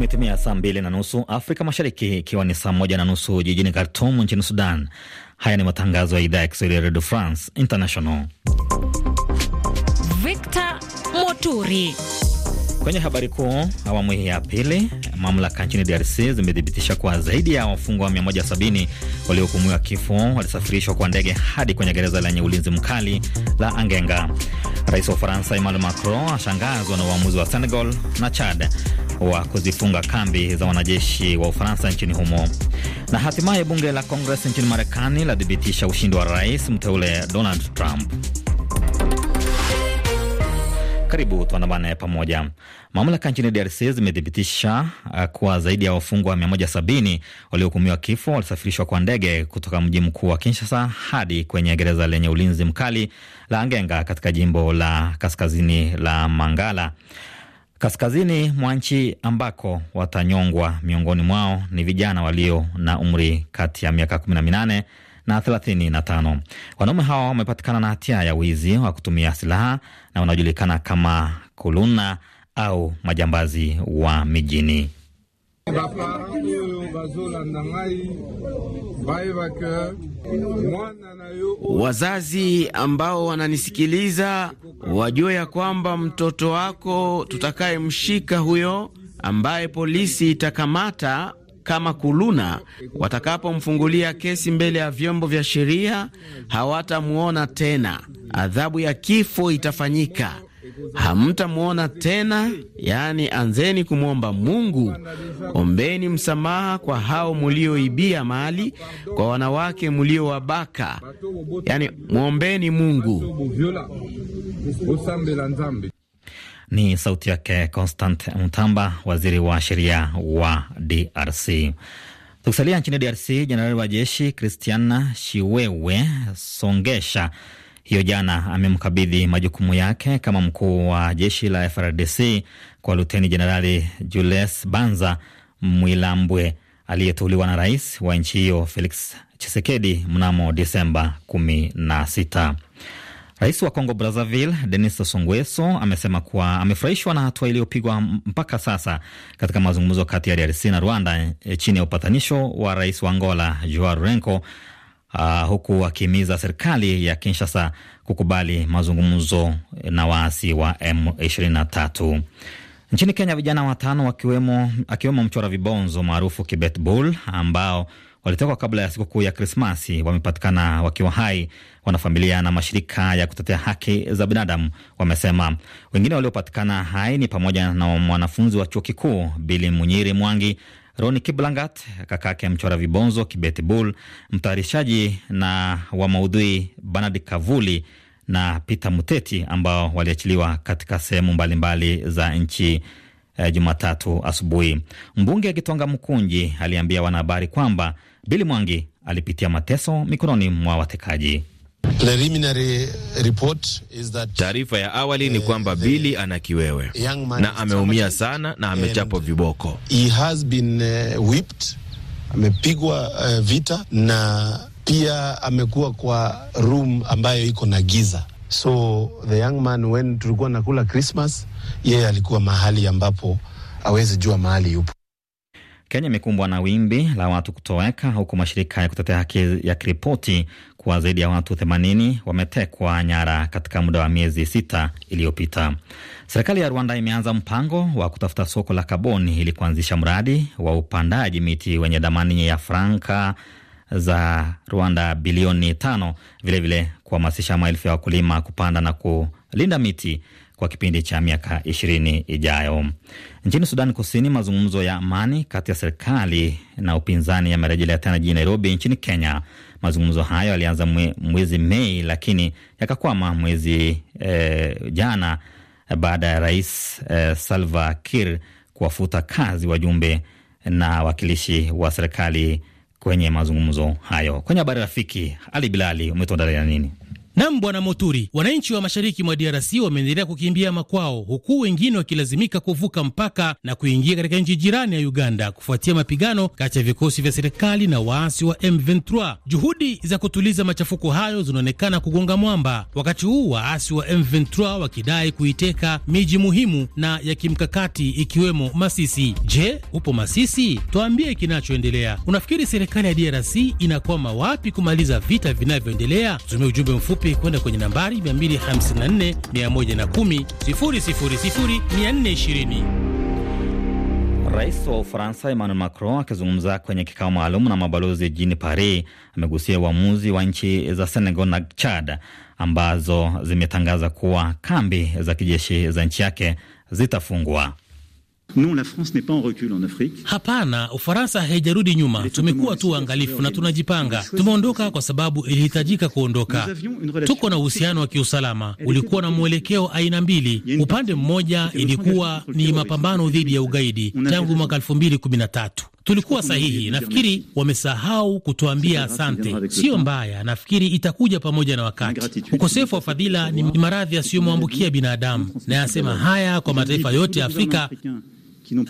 Imetimia saa mbili na nusu Afrika Mashariki, ikiwa ni saa moja na nusu jijini Khartum nchini Sudan. Haya ni matangazo ya idhaa ya Kiswahili ya Redio France International. Victor Moturi Kwenye habari kuu awamu hii ya pili, mamlaka nchini DRC zimethibitisha kuwa zaidi ya wafungwa 170 waliohukumiwa kifo walisafirishwa kwa ndege hadi kwenye gereza lenye ulinzi mkali la Angenga. Rais wa Ufaransa Emmanuel Macron ashangazwa na uamuzi wa Senegal na Chad wa kuzifunga kambi za wanajeshi wa Ufaransa nchini humo. Na hatimaye bunge la Kongres nchini Marekani lathibitisha ushindi wa rais mteule Donald Trump. Karibu tuandamane pamoja. Mamlaka nchini DRC zimethibitisha eh, kuwa zaidi ya wafungwa 170 waliohukumiwa kifo walisafirishwa kwa ndege kutoka mji mkuu wa Kinshasa hadi kwenye gereza lenye ulinzi mkali la Angenga katika jimbo la kaskazini la Mangala kaskazini mwa nchi ambako watanyongwa. Miongoni mwao ni vijana walio na umri kati ya miaka 18 na 35. Wanaume hawa wamepatikana na hatia ya wizi wa kutumia silaha na wanaojulikana kama kuluna au majambazi wa mijini. Wazazi ambao wananisikiliza wajue ya kwamba mtoto wako tutakayemshika huyo ambaye polisi itakamata kama Kuluna watakapomfungulia kesi mbele ya vyombo vya sheria, hawatamwona tena. Adhabu ya kifo itafanyika, hamtamwona tena. Yaani, anzeni kumwomba Mungu, ombeni msamaha kwa hao mulioibia mali, kwa wanawake muliowabaka. Yaani, mwombeni Mungu. Ni sauti yake Constant mtamba waziri wa sheria wa DRC. Tukisalia nchini DRC, jenerali wa jeshi Christiana Shiwewe Songesha hiyo jana amemkabidhi majukumu yake kama mkuu wa jeshi la FRDC kwa luteni jenerali Jules Banza Mwilambwe aliyeteuliwa na rais wa nchi hiyo Felix chisekedi mnamo Disemba sita. Rais wa Kongo Brazzaville Denis Sassou Nguesso amesema kuwa amefurahishwa na hatua iliyopigwa mpaka sasa katika mazungumzo kati ya DRC na Rwanda eh, chini ya upatanisho wa rais wa Angola Joao Lourenco, uh, huku akihimiza serikali ya Kinshasa kukubali mazungumzo eh, na waasi wa M23. Nchini Kenya, vijana watano akiwemo mchora vibonzo maarufu Kibet Bull ambao walitekwa kabla ya sikukuu ya Krismasi wamepatikana wakiwa hai, wanafamilia na mashirika ya kutetea haki za binadamu wamesema. Wengine waliopatikana hai ni pamoja na mwanafunzi wa chuo kikuu Bili Munyiri Mwangi, Roni Kiblangat, kakake mchora vibonzo Kibeti Bull, mtayarishaji na wa maudhui Banadi Kavuli na Peter Muteti ambao waliachiliwa katika sehemu mbalimbali za nchi eh, Jumatatu asubuhi. Mbunge Gitonga Mkunji aliambia wanahabari kwamba Bili Mwangi alipitia mateso mikononi mwa watekaji. Taarifa ya awali ni eh, kwamba Bili ana kiwewe na ameumia sana na amechapwa viboko. He has been, eh, whipped. Amepigwa uh, vita na pia amekuwa kwa room ambayo iko na giza. So the young man when tulikuwa nakula Christmas, yeye alikuwa mahali ambapo awezi jua mahali yupo. Kenya imekumbwa na wimbi la watu kutoweka huku mashirika ya kutetea haki yakiripoti kuwa zaidi ya watu 80 wametekwa nyara katika muda wa miezi sita iliyopita. Serikali ya Rwanda imeanza mpango wa kutafuta soko la kaboni ili kuanzisha mradi wa upandaji miti wenye thamani ya franka za Rwanda bilioni tano, vilevile kuhamasisha maelfu ya wakulima kupanda na kulinda miti kwa kipindi cha miaka ishirini ijayo. Nchini Sudan Kusini, mazungumzo ya amani kati ya serikali na upinzani yamerejelea tena jijini Nairobi nchini Kenya. Mazungumzo hayo yalianza mwezi Mei lakini yakakwama mwezi eh, jana baada ya rais eh, Salva Kiir kuwafuta kazi wajumbe na wakilishi wa serikali kwenye mazungumzo hayo. Kwenye habari rafiki, Ali Bilali, umetuandalia nini? Nam Bwana Moturi, wananchi wa mashariki mwa DRC wameendelea kukimbia makwao, huku wengine wakilazimika kuvuka mpaka na kuingia katika nchi jirani ya Uganda kufuatia mapigano kati ya vikosi vya serikali na waasi wa M23. Juhudi za kutuliza machafuko hayo zinaonekana kugonga mwamba, wakati huu waasi wa M23 wakidai kuiteka miji muhimu na ya kimkakati ikiwemo Masisi. Je, upo Masisi? Tuambie kinachoendelea. Unafikiri serikali ya DRC inakwama wapi kumaliza vita vinavyoendelea? Tumia ujumbe mfupi mfupi kwenda kwenye nambari 254 110 000 420. Rais wa Ufaransa Emmanuel Macron akizungumza kwenye kikao maalum na mabalozi jijini Paris amegusia uamuzi wa nchi za Senegal na Chad ambazo zimetangaza kuwa kambi za kijeshi za nchi yake zitafungwa. Non, la France n'est pas en recul en Afrique. Hapana, Ufaransa haijarudi nyuma. Tumekuwa tu waangalifu na tunajipanga. Tumeondoka kwa sababu ilihitajika kuondoka. Tuko na uhusiano wa kiusalama, ulikuwa na mwelekeo aina mbili. Upande mmoja ilikuwa ni mapambano dhidi ya ugaidi tangu mwaka 2013 tulikuwa sahihi. Nafikiri wamesahau kutuambia asante. Siyo mbaya, nafikiri itakuja pamoja na wakati. Ukosefu wa fadhila ni maradhi yasiyomwambukia binadamu, na yasema haya kwa mataifa yote ya Afrika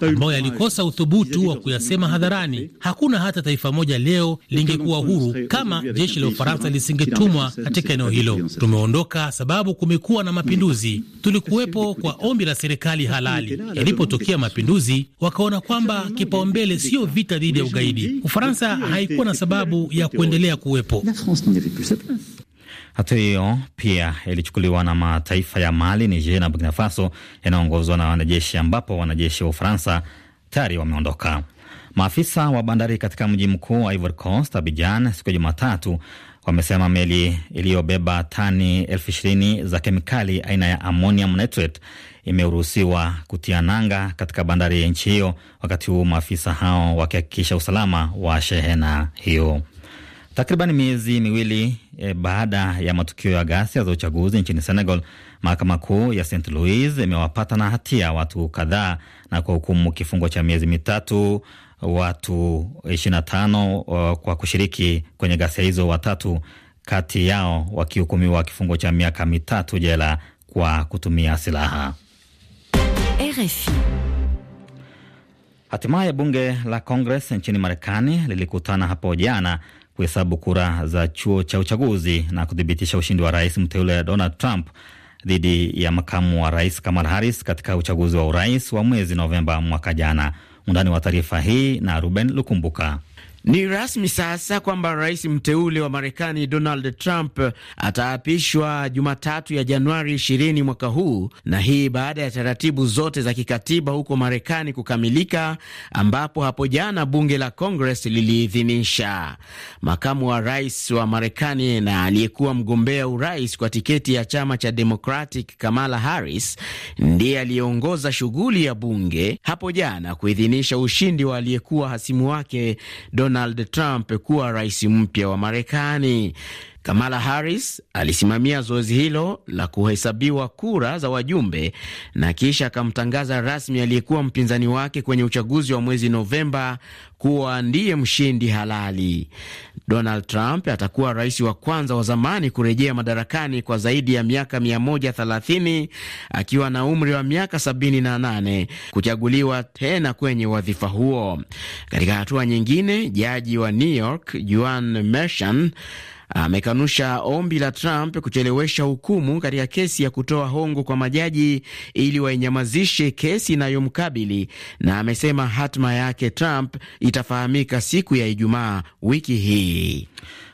ambayo yalikosa uthubutu wa kuyasema hadharani. Hakuna hata taifa moja leo lingekuwa huru kama jeshi la Ufaransa lisingetumwa katika eneo hilo. Tumeondoka sababu kumekuwa na mapinduzi. Tulikuwepo kwa ombi la serikali halali. Yalipotokea mapinduzi, wakaona kwamba kipaumbele siyo vita dhidi ya ugaidi. Ufaransa haikuwa na sababu ya kuendelea kuwepo. Hatua hiyo pia ilichukuliwa na mataifa ya Mali, Niger na Burkina Faso yanayoongozwa na wanajeshi, ambapo wanajeshi wa Ufaransa tayari wameondoka. Maafisa wa bandari katika mji mkuu wa Ivory Coast, Abidjan, siku ya Jumatatu wamesema meli iliyobeba tani elfu ishirini za kemikali aina ya ammonium nitrate imeruhusiwa kutia nanga katika bandari ya nchi hiyo, wakati huu maafisa hao wakihakikisha usalama wa shehena hiyo. Takriban miezi miwili e, baada ya matukio ya ghasia za uchaguzi nchini Senegal, mahakama kuu ya St Louis imewapata na hatia watu kadhaa na kwa hukumu kifungo cha miezi mitatu watu 25 kwa kushiriki kwenye ghasia hizo, watatu kati yao wakihukumiwa kifungo cha miaka mitatu jela kwa kutumia silaha. RFI. Hatimaye bunge la Congress nchini Marekani lilikutana hapo jana kuhesabu kura za chuo cha uchaguzi na kuthibitisha ushindi wa rais mteule Donald Trump dhidi ya makamu wa rais Kamala Harris katika uchaguzi wa urais wa mwezi Novemba mwaka jana. Undani wa taarifa hii na Ruben Lukumbuka. Ni rasmi sasa kwamba rais mteule wa Marekani Donald Trump ataapishwa Jumatatu ya Januari 20 mwaka huu, na hii baada ya taratibu zote za kikatiba huko Marekani kukamilika, ambapo hapo jana bunge la Congress liliidhinisha. Makamu wa rais wa Marekani na aliyekuwa mgombea urais kwa tiketi ya chama cha Democratic Kamala Harris ndiye aliyeongoza shughuli ya bunge hapo jana kuidhinisha ushindi wa aliyekuwa hasimu wake Donald Donald Trump kuwa rais mpya wa Marekani. Kamala Harris alisimamia zoezi hilo la kuhesabiwa kura za wajumbe na kisha akamtangaza rasmi aliyekuwa mpinzani wake kwenye uchaguzi wa mwezi Novemba kuwa ndiye mshindi halali. Donald Trump atakuwa rais wa kwanza wa zamani kurejea madarakani kwa zaidi ya miaka 130 akiwa na umri wa miaka 78 kuchaguliwa tena kwenye wadhifa huo. Katika hatua nyingine, jaji wa New York Juan Merchan amekanusha ombi la Trump kuchelewesha hukumu katika kesi ya kutoa hongo kwa majaji ili wainyamazishe kesi inayomkabili na amesema hatima yake Trump itafahamika siku ya Ijumaa wiki hii.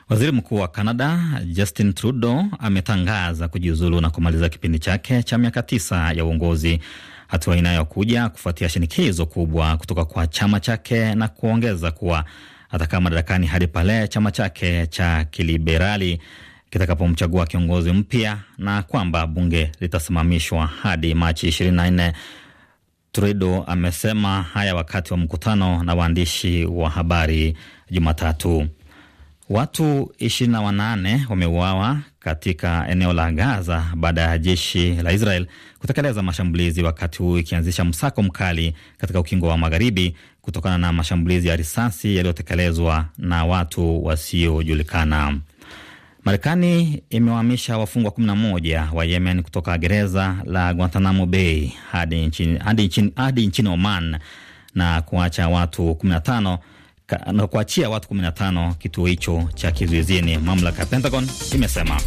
Waziri Mkuu wa Canada Justin Trudeau ametangaza kujiuzulu na kumaliza kipindi chake cha miaka tisa ya uongozi, hatua inayokuja kufuatia shinikizo kubwa kutoka kwa chama chake na kuongeza kuwa atakaa madarakani hadi pale chama chake cha kiliberali kitakapomchagua kiongozi mpya na kwamba bunge litasimamishwa hadi Machi 24. Trudeau amesema haya wakati wa mkutano na waandishi wa habari Jumatatu. Watu 28 wameuawa katika eneo la Gaza baada ya jeshi la Israel kutekeleza mashambulizi, wakati huu ikianzisha msako mkali katika ukingo wa magharibi kutokana na mashambulizi ya risasi yaliyotekelezwa na watu wasiojulikana. Marekani imewahamisha wafungwa 11 wa Yemen kutoka gereza la Guantanamo Bay hadi nchini, hadi nchini, hadi nchini Oman na kuacha watu 15 na kuachia watu 15 kituo hicho cha kizuizini, mamlaka ya Pentagon imesema.